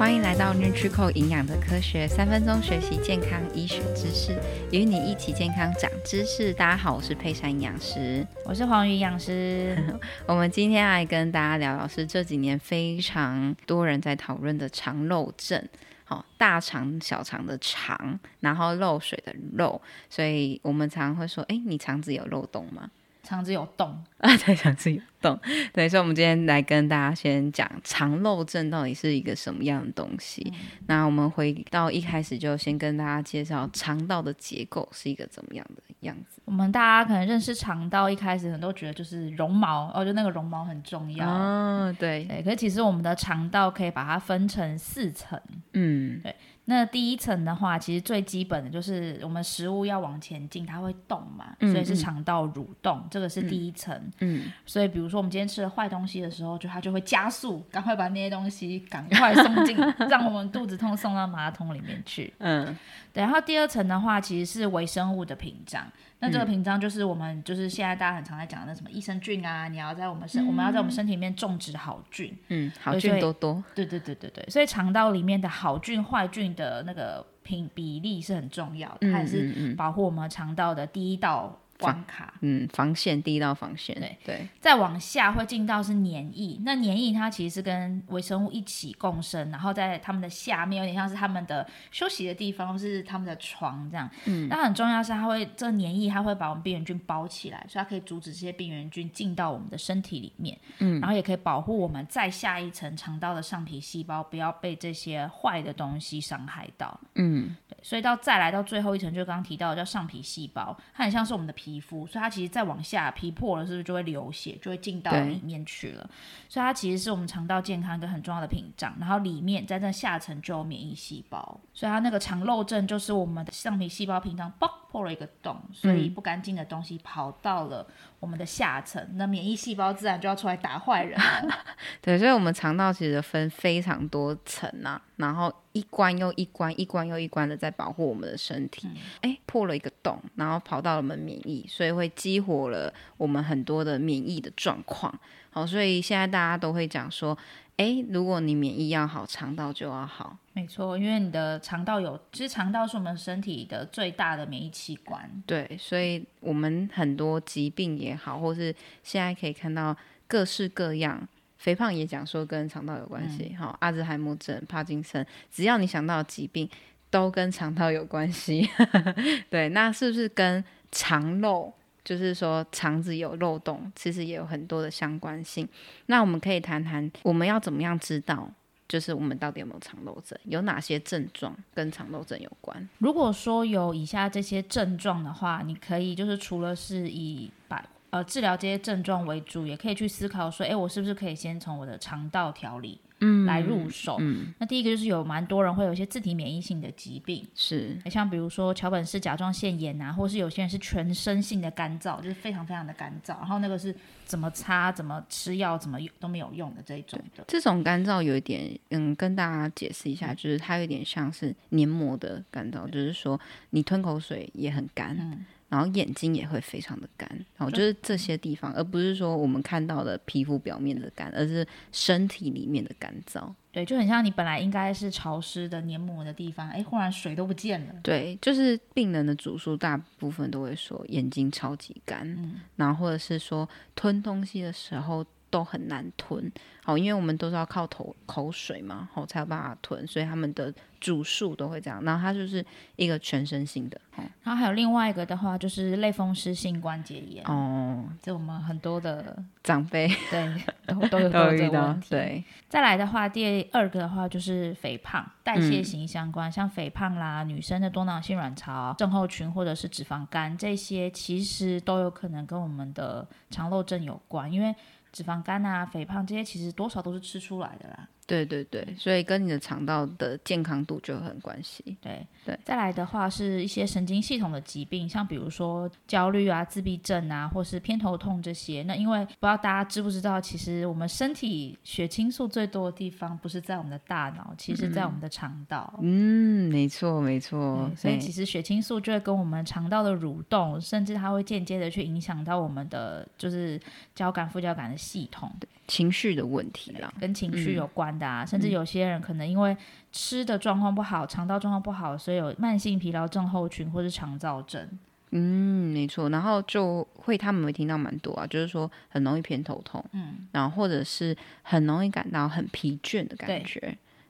歡迎來到 NutriCore 營養的科學，三分鐘學習健康醫學知識，與你一起健康長知識。大家好，我是佩珊營養師，我是黃魚營養師。 我們今天來跟大家聊聊，是這幾年非常多人在討論的腸漏症。好，大腸、小腸的腸，然後漏水的漏，所以我們常會說，哎，你腸子有漏洞嗎？腸子有洞啊！ 對，腸子有洞，對，所以我們今天來跟大家先講腸漏症到底是一個什麼樣的東西。嗯。那我們回到一開始就先跟大家介紹腸道的結構是一個怎麼樣的樣子。我們大家可能認識腸道一開始，很多人都覺得就是絨毛哦，就那個絨毛很重要。嗯，哦，對，對，可是其實我們的腸道可以把它分成四層，嗯，對。那第一層的話，其實最基本的就是我們食物要往前進，它會動嘛，嗯、所以是腸道蠕動、嗯，這個是第一層、嗯。嗯，所以比如說我們今天吃了壞東西的時候，就它就會加速，趕快把那些東西趕快送進， 讓我們肚子痛送到馬桶裡面去。嗯，然後第二層的話，其實是微生物的屏障。那這個屏障就是我們就是現在大家很常在講的那什麼益生菌啊，你要在我們身、嗯、我們要在我們身體裡面種植好菌，嗯，好菌多多，對對對對對，所以腸道裡面的好菌壞菌的那個比比例是很重要的，它還是保護我們腸道的第一道。嗯嗯嗯關卡，嗯，防線，第一道防線，對對，再往下會進到是粘液，那粘液它其實是跟微生物一起共生，然後在他們的下面有點像是他們的休息的地方，或是他們的床這樣，嗯，那很重要是它會這黏液它會把我們病原菌包起來，所以它可以阻止這些病原菌進到我們的身體裡面，嗯，然後也可以保護我們再下一層腸道的上皮細胞不要被這些壞的東西傷害到，嗯，對，所以到再來到最後一層就剛剛提到的叫上皮細胞，它很像是我們的皮。皮膚，所以它其實再往下皮破了，是不是就會流血，就會進到裡面去了？所以它其實是我們腸道健康一個很重要的屏障。然後裡面在這下層就有免疫細胞，所以它那個腸漏症就是我們的上皮細胞屏障破了一個洞，所以不乾淨的東西跑到了我們的下層，嗯、那免疫細胞自然就要出來打壞人了。 對，所以，我們腸道其實分非常多層啊，然後一關又一關，一關又一關的在保護我們的身體。嗯、誒，破了一個洞，然後跑到了我們免疫，所以會激活了我們很多的免疫的狀況。好，所以現在大家都會講說。誒、欸，如果你免疫要好，腸道就要好。沒錯，因為你的腸道有，其實腸道是我們身體的最大的免疫器官。對，所以我們很多疾病也好，或是現在可以看到各式各樣，肥胖也講說跟腸道有關係。好、嗯哦，阿茲海默症、帕金森，只要你想到的疾病，都跟腸道有關係。 對，那是不是跟腸漏？就是說，腸子有漏洞，其實也有很多的相關性。那我們可以談談，我們要怎麼樣知道，就是我們到底有沒有腸漏症？有哪些症狀跟腸漏症有關？如果說有以下這些症狀的話，你可以就是除了是以把呃治療這些症狀為主，也可以去思考說，誒，我是不是可以先從我的腸道調理？嗯，來入手。嗯，那第一個就是有蠻多人會有一些自體免疫性的疾病，是像比如說橋本氏甲狀腺炎啊，或是有些人是全身性的乾燥，就是非常非常的乾燥。然後那個是怎麼擦、怎麼吃藥、怎麼用都沒有用的這一種的。這種乾燥有一點，嗯，跟大家解釋一下，嗯，就是它有點像是黏膜的乾燥，就是說你吞口水也很乾。嗯。然後眼睛也會非常的乾，然後，哦，就是這些地方，而不是說我們看到的皮膚表面的乾，而是身體裡面的乾燥。對，就很像你本來應該是潮濕的黏膜的地方，哎，忽然水都不見了。嗯、對，就是病人的主訴，大部分都會說眼睛超級乾、嗯，然後或者是說吞東西的時候，都很難吞，哦，因為我們都是要靠口口水嘛，好、哦、才有辦法吞，所以他們的主訴都會這樣。然後它就是一個全身性的，哦。然後還有另外一個的話，就是類風濕性關節炎哦，這我們很多的長輩對，都，都， 都有這個問題。對，再來的話，第二個的話就是肥胖，代謝型相關，嗯，像肥胖啦、女生的多囊性卵巢症候群或者是脂肪肝這些，其實都有可能跟我們的腸漏症有關，因為。脂肪肝啊、肥胖這些，其實多少都是吃出來的啦。對對對，所以跟你的腸道的健康度就很關係。對對，再來的話是一些神經系統的疾病，像比如說焦慮啊、自閉症啊，或是偏頭痛這些。那因為不知道大家知不知道，其實我們身體血清素最多的地方不是在我們的大腦，其實在我們的腸道。嗯，嗯，沒錯沒錯。嗯，所以其實血清素就會跟我們腸道的蠕動，嗯，甚至它會間接地去影響到我們的就是交感副交感的系統。情緒的問題啦，跟情緒有關的啊、嗯，甚至有些人可能因為吃的狀況不好，腸、嗯、道狀況不好，所以有慢性疲勞症候群或是腸躁症。嗯，沒錯，然後就會他們會聽到蠻多啊，就是說很容易偏頭痛，嗯，然後或者是很容易感到很疲倦的感覺，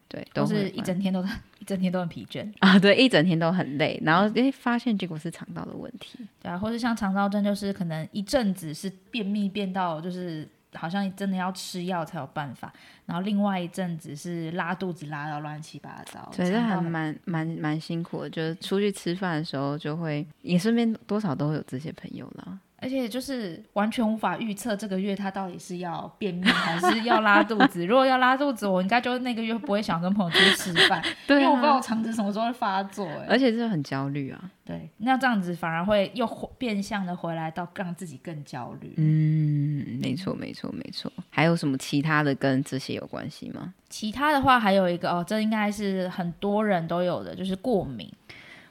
對，對都是一整天都一整天都很疲倦啊，對，一整天都很累，然後誒，發現結果是腸道的問題，對啊，或者像腸躁症就是可能一陣子是便秘便到就是。好像真的要吃藥才有辦法，然後另外一陣子是拉肚子拉到亂七八糟。對，這還蠻蠻蠻辛苦的，就是出去吃飯的時候就會，也身邊多少都會有這些朋友了。而且就是完全無法預測這個月他到底是要便秘還是要拉肚子。 如果要拉肚子，我應該就那個月不會想跟朋友出去吃飯、 啊，因為我不知道我腸子什麼時候會發作、欸。而且這很焦慮啊。對，那這樣子反而會又變相的回來到讓自己更焦慮。嗯，沒錯，沒錯，沒錯。還有什麼其他的跟這些有關係嗎？其他的話還有一個哦，這應該是很多人都有的，就是過敏。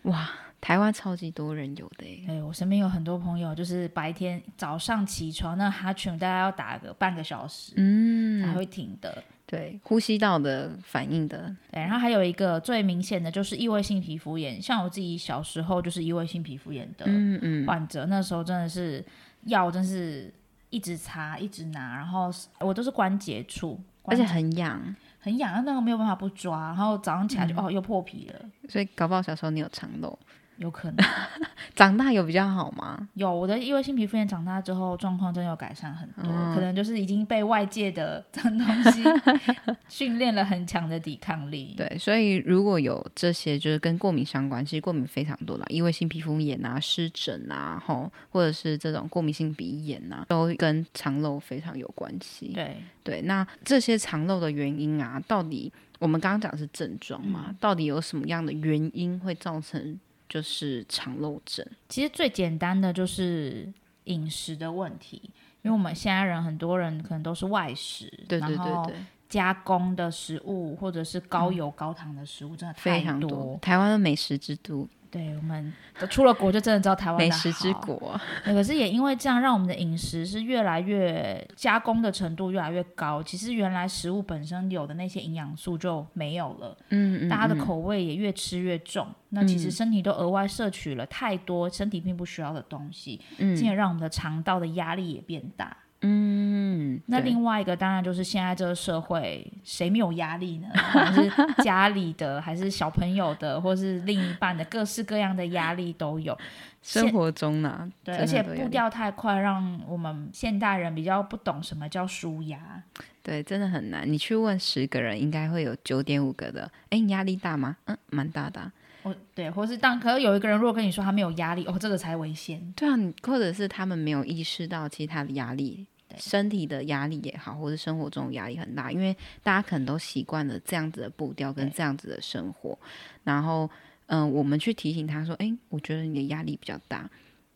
哇。台灣超級多人有的哎、欸，我身邊有很多朋友，就是白天早上起床那哈欠大概要打個半個小時，嗯，才會停的。對，呼吸道的反應的。對，然後還有一個最明顯的就是異位性皮膚炎，像我自己小時候就是異位性皮膚炎的，嗯嗯，患者那時候真的是藥，真是一直擦一直拿，然後我都是關節處,處，而且很癢，很癢、啊，那個、沒有辦法不抓，然後早上起來就、嗯、哦又破皮了。所以搞不好小時候你有腸漏。有可能 長大有比較好嗎？有，我的異位性皮膚炎長大之後狀況真的有改善很多，嗯，可能就是已經被外界的東西 訓練了很強的抵抗力。對，所以如果有這些就是跟過敏相關，其實過敏非常多啦，異位性皮膚炎啊、濕疹啊，吼，或者是這種過敏性鼻炎啊，都跟腸漏非常有關係。對對，那這些腸漏的原因啊，到底我們剛剛講的是症狀嘛，嗯？到底有什麼樣的原因會造成？就是腸漏症，其實最簡單的就是飲食的問題，因為我們現在人很多人可能都是外食，對對對對，然後加工的食物或者是高油高糖的食物真的、嗯、非常多。台灣的美食之都。對，我們出了國就真的知道台灣美食之國，可是也因為這樣讓我們的飲食是越來越加工的程度越來越高，其實原來食物本身有的那些營養素就沒有了。嗯、嗯、大家、嗯、的口味也越吃越重，那其實身體都額外攝取了太多身體並不需要的東西，進而、嗯、讓我們的腸道的壓力也變大。嗯。嗯、那另外一個當然就是現在這個社會，誰沒有壓力呢？是家裡的， 還是小朋友的，或是另一半的，各式各樣的壓力都有。生活中呢、啊，對，而且步調太快，讓我們現代人比較不懂什麼叫舒壓。對，真的很難。你去問十個人，應該會有九點五個的。哎，你壓力大嗎？嗯，蠻大的、啊。我，對，或是當，可是有一個人如果跟你說他沒有壓力，哦，這個才危險。對啊，你或者是他們沒有意識到其他的壓力。身體的壓力也好，或者生活中的壓力很大，因為大家可能都習慣了這樣子的步調跟這樣子的生活，然後，嗯、呃，我們去提醒他說：“誒、欸，我覺得你的壓力比較大。”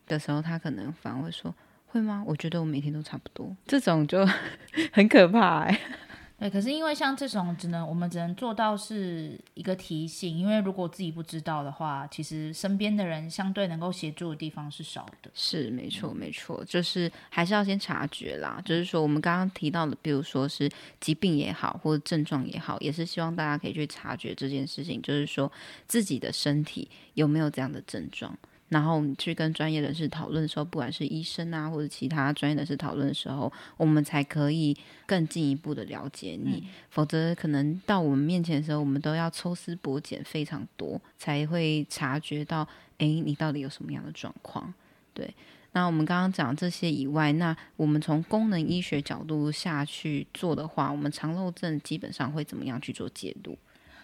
的時候，他可能反而會說：“會嗎？我覺得我每天都差不多。”這種就很可怕、欸 對，可是因為像這種，只能我們只能做到是一個提醒。因為如果自己不知道的話，其實身邊的人相對能夠協助的地方是少的。嗯、是，沒錯，沒錯，就是還是要先察覺啦。就是說，我們剛剛提到的，比如說是疾病也好，或者症狀也好，也是希望大家可以去察覺這件事情，就是說自己的身體有沒有這樣的症狀。然後你去跟專業人士討論的時候，不管是醫生啊或者其他專業人士討論的時候，我們才可以更進一步的了解你。嗯。否則可能到我們面前的時候，我們都要抽絲剝繭非常多，才會察覺到，哎，你到底有什麼樣的狀況？對。那我們剛剛講這些以外，那我們從功能醫學角度下去做的話，我們腸漏症基本上會怎麼樣去做解讀？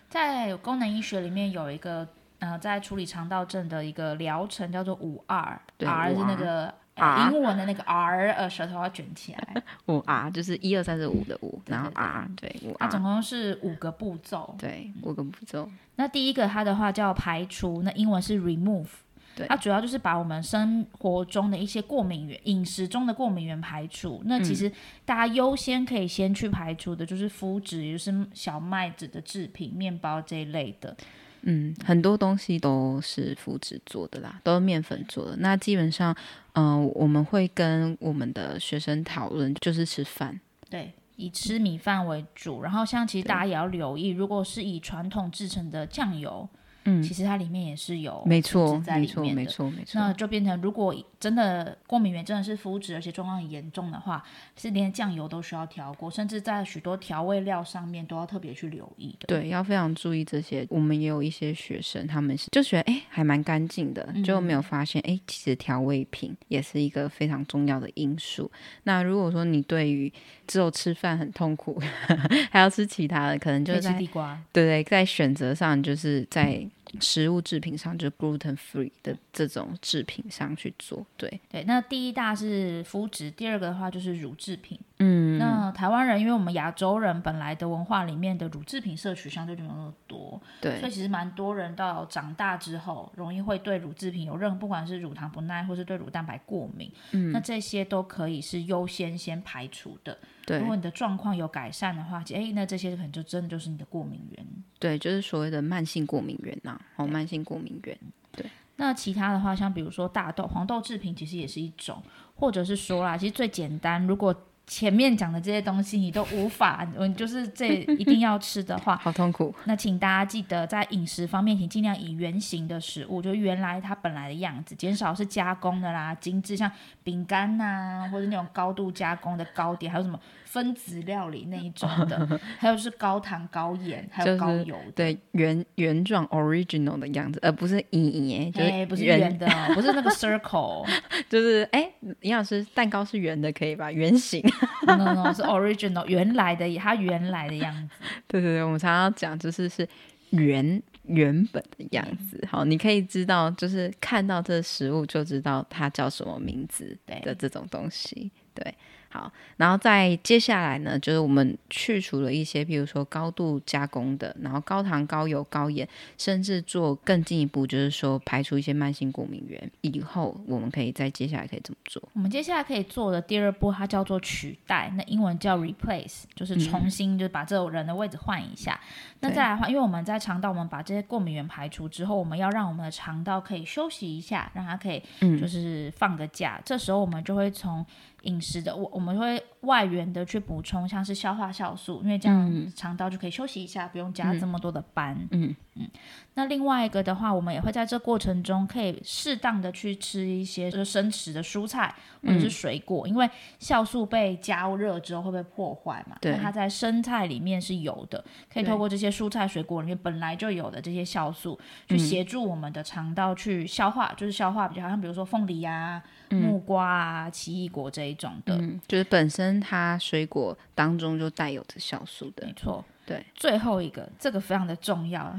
在功能醫學裡面有一個。呃，在處理腸道症的一個療程叫做五 R, R 是那個英文的那個 R，, R 呃，舌頭要卷起來。五 R 就是一二三四五的五，然後 R 對五 R，它總共是五個步驟。嗯、對，五個步驟、嗯。那第一個它的話叫排除，那英文是 remove，對，它主要就是把我們生活中的一些過敏原、飲食中的過敏原排除。那其實大家優先可以先去排除的就是麩質，嗯、也就是小麥質的制品、麵包這一類的。嗯，很多東西都是麩質做的啦，都是麵粉做的。那基本上，嗯、呃，我們會跟我們的學生討論，就是吃飯，對，以吃米飯為主。然後，像其實大家也要留意，如果是以傳統制成的醬油，嗯，其實它裡面也是有麩質在裡面，沒錯，沒錯，沒錯，沒錯，那就變成如果，真的過敏原真的是膚質，而且狀況很嚴重的話，是連醬油都需要調過，甚至在許多調味料上面都要特別去留意的。對，要非常注意這些。我們也有一些學生，他們就覺得誒、欸，還蠻乾淨的，就、嗯、沒有發現誒、欸。其實調味品也是一個非常重要的因素。那如果說你對於只有吃飯很痛苦呵呵，還要吃其他的，可能就是在吃地瓜對，對對，在選擇上就是在。嗯食物製品上就是 gluten free 的這種製品上去做，對對。那第一大是麩質，第二個的話就是乳製品。嗯，那台灣人，因為我們亞洲人本來的文化裡面的乳製品攝取相對就沒有那麼多，對。所以其實蠻多人到長大之後，容易會對乳製品有任何，不管是乳糖不耐或是對乳蛋白過敏，嗯，那這些都可以是優先先排除的。如果你的狀況有改善的話，誒、欸，那這些可能就真的就是你的過敏源。對，就是所謂的慢性過敏源吶、啊，哦，慢性過敏源，對。對。那其他的話，像比如說大豆、黃豆制品，其實也是一種，或者是說啦，其實最簡單，如果前面講的這些東西你都無法，嗯， 就是這一定要吃的話， 好痛苦。那請大家記得在飲食方面，請儘量以原形的食物，就原來它本來的樣子，減少是加工的啦、精致，像餅乾吶，或者那種高度加工的糕點，還有什麼。分子料理那一種的， 還有是高糖高鹽，還有高油，就是，對原原狀 original 的樣子，而、呃、不是圓，就是原不是圓的， 不是那個 circle，就是哎、欸，尹老師蛋糕是圓的可以吧？圓形 ，no no no 是 original 原來的，它原來的樣子，對對對，我們常常講就是是原原本的樣子，好，你可以知道就是看到這食物就知道它叫什麼名字的這種東西，對。對好，然後在接下來呢，就是我們去除了一些，比如說高度加工的，然後高糖、高油、高鹽，甚至做更進一步，就是說排除一些慢性過敏原以後，我們可以再接下來可以怎麼做？我們接下來可以做的第二步，它叫做取代，那英文叫 replace，就是重新就把這種人的位置換一下。嗯。那再來換，因為我們在腸道，我們把這些過敏原排除之後，我們要讓我們的腸道可以休息一下，讓它可以，嗯，就是放個假。嗯。這時候我們就會從飲食的，我我們會，外源的去補充，像是消化酵素，因為這樣腸道就可以休息一下，嗯、不用加這麼多的班。嗯嗯,嗯。那另外一個的話，我們也會在這過程中，可以適當的去吃一些就是生吃的蔬菜或者是水果、嗯，因為酵素被加熱之後會被破壞嘛。對。那它在生菜裡面是有的，可以透過這些蔬菜水果裡面本來就有的這些酵素，嗯、去協助我們的腸道去消化，就是消化比較像比如說鳳梨啊、嗯、木瓜啊、奇異果這一種的，嗯、就是本身。跟它水果當中就帶有的酵素的。沒錯。對，最後一個，這個非常的重要，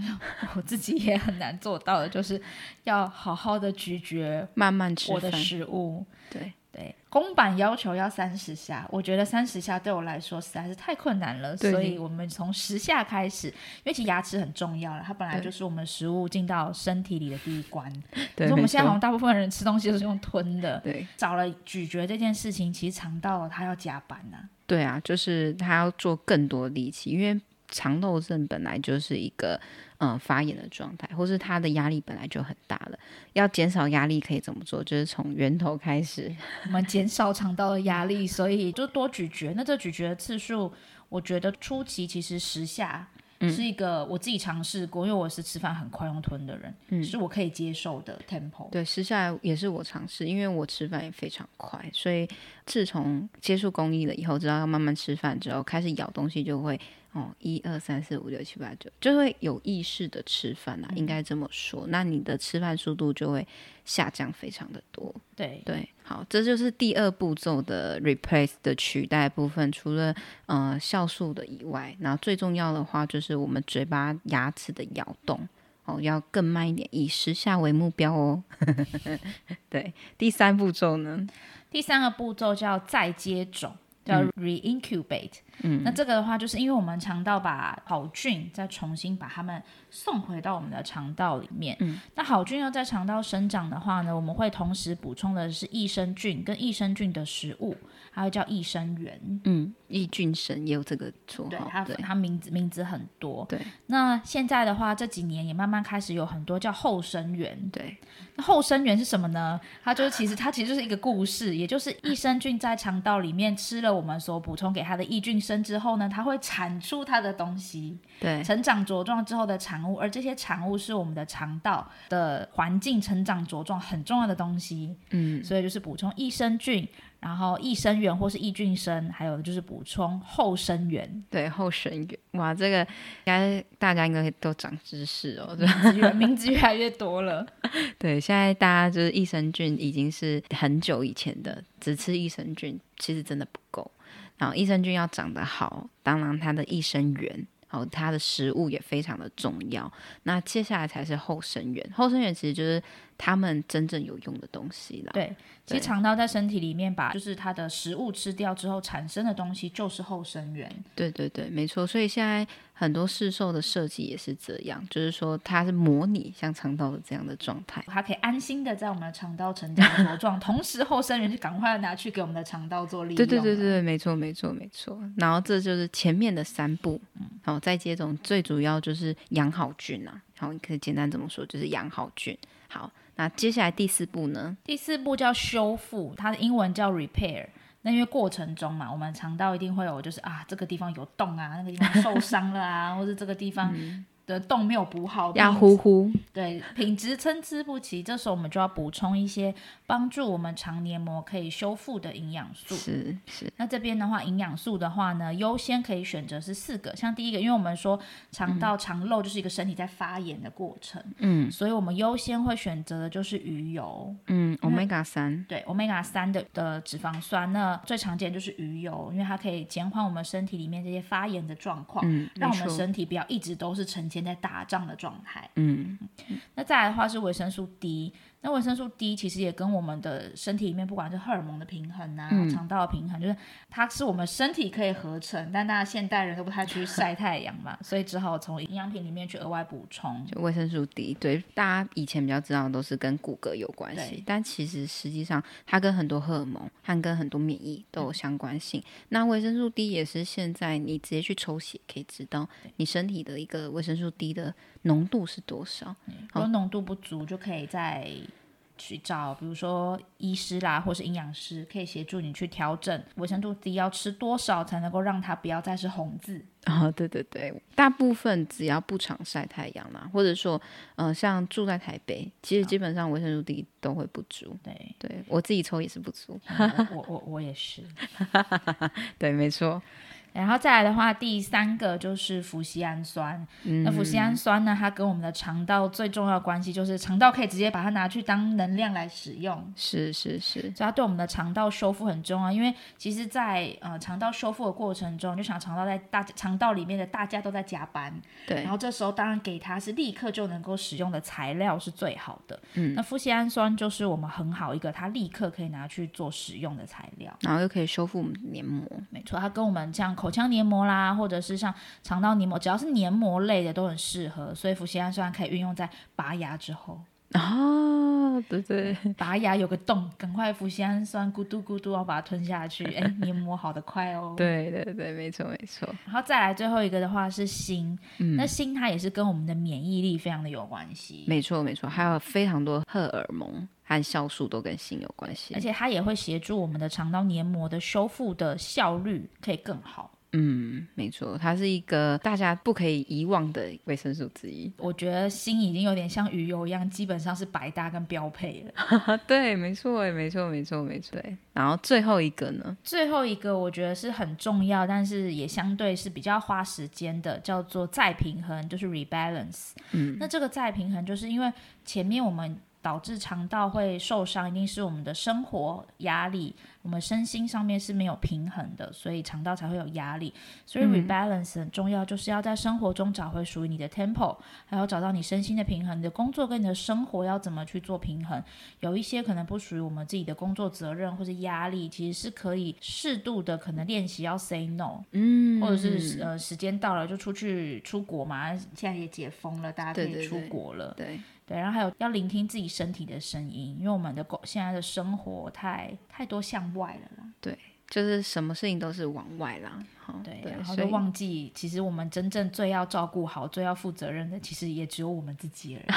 我自己也很難做到的，的 就是要好好的咀嚼，慢慢吃我的食物。慢慢對。對，公版要求要三十下，我覺得三十下對我來說實在是太困難了，所以我們從十下開始。因為其實牙齒很重要了，它本來就是我們食物進到身體裡的第一關。對，沒錯。可是我們現在好像大部分人吃東西都是用吞的，對，少了咀嚼這件事情，其實腸道它要加班吶啊。對啊，就是它要做更多力氣，因為。腸漏症本來就是一個嗯、呃、發炎的狀態，或是他的壓力本來就很大了。要減少壓力可以怎麼做？就是從源頭開始。我們減少腸道的壓力， 所以就多咀嚼。那這咀嚼的次數，我覺得初期其實十下是一個我自己嘗試過，因為我是吃飯很快用吞的人，嗯、是我可以接受的 tempo。對，十下也是我嘗試，因為我吃飯也非常快，所以。自從接觸公益了以後，知道要慢慢吃飯之後，開始咬東西就會哦，一二三四五六七八九，就會有意識的吃飯啦、嗯，應該這麼說。那你的吃飯速度就會下降非常的多，對對。好，這就是第二步驟的 replace 的取代部分，除了呃酵素的以外，那最重要的話就是我們嘴巴牙齒的咬動。嗯要更慢一點，以時下為目標哦。 對，第三步驟呢？第三個步驟叫再接種。叫 re-incubate，嗯，那這個的話就是因為我們腸道把好菌再重新把它們送回到我們的腸道裡面，嗯，那好菌又在腸道生長的話呢，我們會同時補充的是益生菌跟益生菌的食物，還有叫益生元，嗯，益菌生也有這個綽號，對，它，對，它名字名字很多，對，那現在的話這幾年也慢慢開始有很多叫後生元，對。後生元是什麼呢？它就是其實它其實就是一個故事，也就是益生菌在腸道裡面吃了我們所補充給它的益菌生之後呢，它會產出它的東西，對，成長茁壯之後的產物，而這些產物是我們的腸道的環境成長茁壯很重要的東西，嗯，所以就是補充益生菌。然後益生元、或是益菌生，還有就是補充後生元。對，後生元，哇，這個應該大家應該都長知識哦，名字越來越多了。 對，現在大家就是益生菌已經是很久以前的，只吃益生菌其實真的不夠。然後益生菌要長得好，當然它的益生元、然、哦、後它的食物也非常的重要。那接下來才是後生元，後生元其實就是。他們真正有用的東西了。對，其實腸道在身體裡面，把就是它的食物吃掉之後產生的東西就是後生元。對對對，沒錯。所以現在很多市售的設計也是這樣，就是說它是模擬像腸道的這樣的狀態，它、嗯、可以安心的在我們的腸道成長茁壯， 同時後生元就趕快拿去給我們的腸道做利用。對對對對，沒錯沒錯沒錯。然後這就是前面的三步，然、嗯、後、哦、再接種，最主要就是養好菌啊。然後你可以簡單這麼說，就是養好菌好。那、啊、接下來第四步呢？第四步叫修復，它的英文叫 repair。那因為過程中嘛，我們腸道一定會有，就是啊，這個地方有洞啊，那個地方受傷了啊， 或是這個地方，嗯的洞沒有補好，黏糊糊，對，品質參差不齊。這時候我們就要補充一些幫助我們腸黏膜可以修復的營養素。是是。那這邊的話，營養素的話呢，優先可以選擇是四個。像第一個，因為我們說腸道腸漏就是一個身體在發炎的過程，嗯，所以我們優先會選擇的就是魚油，嗯，omega 三、哦，對，omega 三、哦哦、的的脂肪酸，那最常見的就是魚油，因為它可以減緩我們身體裡面這些發炎的狀況，嗯，讓我們身體不要一直都是呈現現在打仗的狀態，嗯，那再來的話是維生素 D。那維生素 D 其實也跟我們的身體裡面不管是荷爾蒙的平衡啊，嗯、腸道的平衡，就是它是我們身體可以合成，但大家現代人都不太去曬太陽嘛， 所以只好從營養品裡面去額外補充。就維生素 D，對，大家以前比較知道的都是跟骨骼有關係，但其實實際上它跟很多荷爾蒙和跟很多免疫都有相關性。嗯、那維生素 D 也是現在你直接去抽血可以知道你身體的一個維生素 D 的濃度是多少，好，如果濃度不足就可以在去找，比如說醫師啦，或是營養師，可以協助你去調整維生素 D 要吃多少才能夠讓它不要再是紅字。啊、哦，對對對，大部分只要不常曬太陽啦，或者說，嗯、呃，像住在台北，其實基本上維生素 D 都會不足。哦、對對，我自己抽也是不足。嗯、我我我也是。 對，沒錯。然後再來的話，第三個就是麩醯胺酸。嗯，那麩醯胺酸呢，它跟我們的腸道最重要關係就是腸道可以直接把它拿去當能量來使用。是是是，所以它對我們的腸道修復很重要。因為其實在，在呃腸道修復的過程中，就想腸道在大腸道裡面的大家都在加班。對。然後這時候當然給它是立刻就能夠使用的材料是最好的。嗯。那麩醯胺酸就是我們很好一個，它立刻可以拿去做使用的材料，然後又可以修復我們黏膜。沒錯，它跟我們這樣。口腔黏膜啦，或者是像腸道黏膜，只要是黏膜類的都很適合，所以麩醯胺酸可以運用在拔牙之後。哦，對對，拔牙有個洞，趕快麩醯胺酸咕嘟咕嘟、咕嘟、啊，要把它吞下去，哎，黏膜好得快哦。對對對，沒錯沒錯。然後再來最後一個的話是鋅，嗯，那鋅它也是跟我們的免疫力非常的有關係。嗯、沒錯沒錯，還有非常多荷爾蒙按酵素都跟鋅有關係，而且它也會協助我們的腸道黏膜的修復的效率可以更好。嗯，沒錯，它是一個大家不可以遺忘的維生素之一。我覺得鋅已經有點像魚油一樣，基本上是百搭跟標配了。 對，沒錯，沒錯，沒錯，沒錯。然後最後一個呢？最後一個我覺得是很重要，但是也相對是比較花時間的，叫做再平衡，就是 rebalance。嗯，那這個再平衡就是因為前面我們。導致腸道會受傷，一定是我們的生活壓力。我們身心上面是沒有平衡的，所以腸道才會有壓力。所以 rebalance 很重要，嗯，就是要在生活中找回屬於你的 tempo，還有找到你身心的平衡。你的工作跟你的生活要怎麼去做平衡？有一些可能不屬於我們自己的工作責任或者壓力，其實是可以適度的可能練習要 say no，嗯，或者是呃時間到了就出去出國嘛，現在也解封了，大家可以出國了，對對，對,對,對。然後還有要聆聽自己身體的聲音，因為我們的狗現在的生活太太多項目。外了嘛？對，就是什麼事情都是往外啦。哦、對啊、對，然後就忘記，其實我們真正最要照顧好、最要負責任的，其實也只有我們自己而已。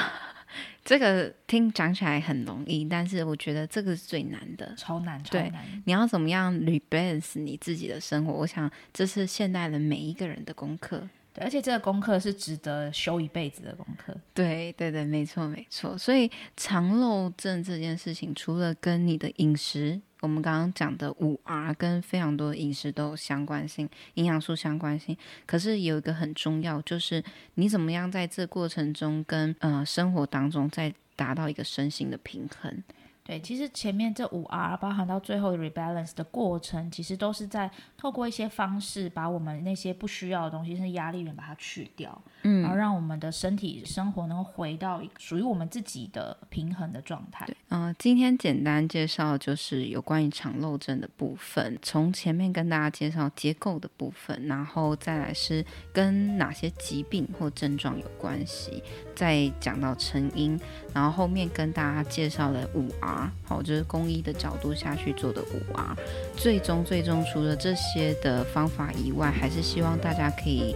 這個聽講起來很容易，但是我覺得這個是最難的，超難，超難。對，你要怎麼樣 rebalance 你自己的生活？我想這是現代的每一個人的功課。而且這個功課是值得修一輩子的功課。對，對對，沒錯沒錯。所以腸漏症這件事情，除了跟你的飲食，我們剛剛講的五 R 跟非常多飲食都有相關性，營養素相關性。可是有一個很重要，就是你怎麼樣在這過程中，跟呃生活當中，再達到一個身心的平衡。對，其實前面這五 R 包含到最後的 Rebalance 的過程，其實都是在透過一些方式，把我們那些不需要的東西、是壓力源，把它去掉，嗯，然後讓我們的身體生活能夠回到屬於我們自己的平衡的狀態。對，嗯、呃，今天簡單介紹就是有關於腸漏症的部分，從前面跟大家介紹結構的部分，然後再來是跟哪些疾病或症狀有關係，再講到成因，然後後面跟大家介紹了五 R。好，就是公益的角度下去做的五啊，最終最終除了這些的方法以外，還是希望大家可以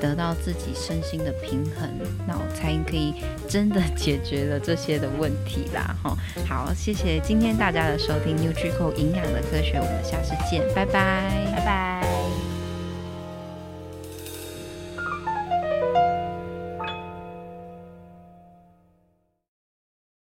得到自己身心的平衡，那才可以真的解決了這些的問題啦。哈，好，謝謝今天大家的收聽，NutriCore 營養的科學，我們下次見，拜拜，拜拜。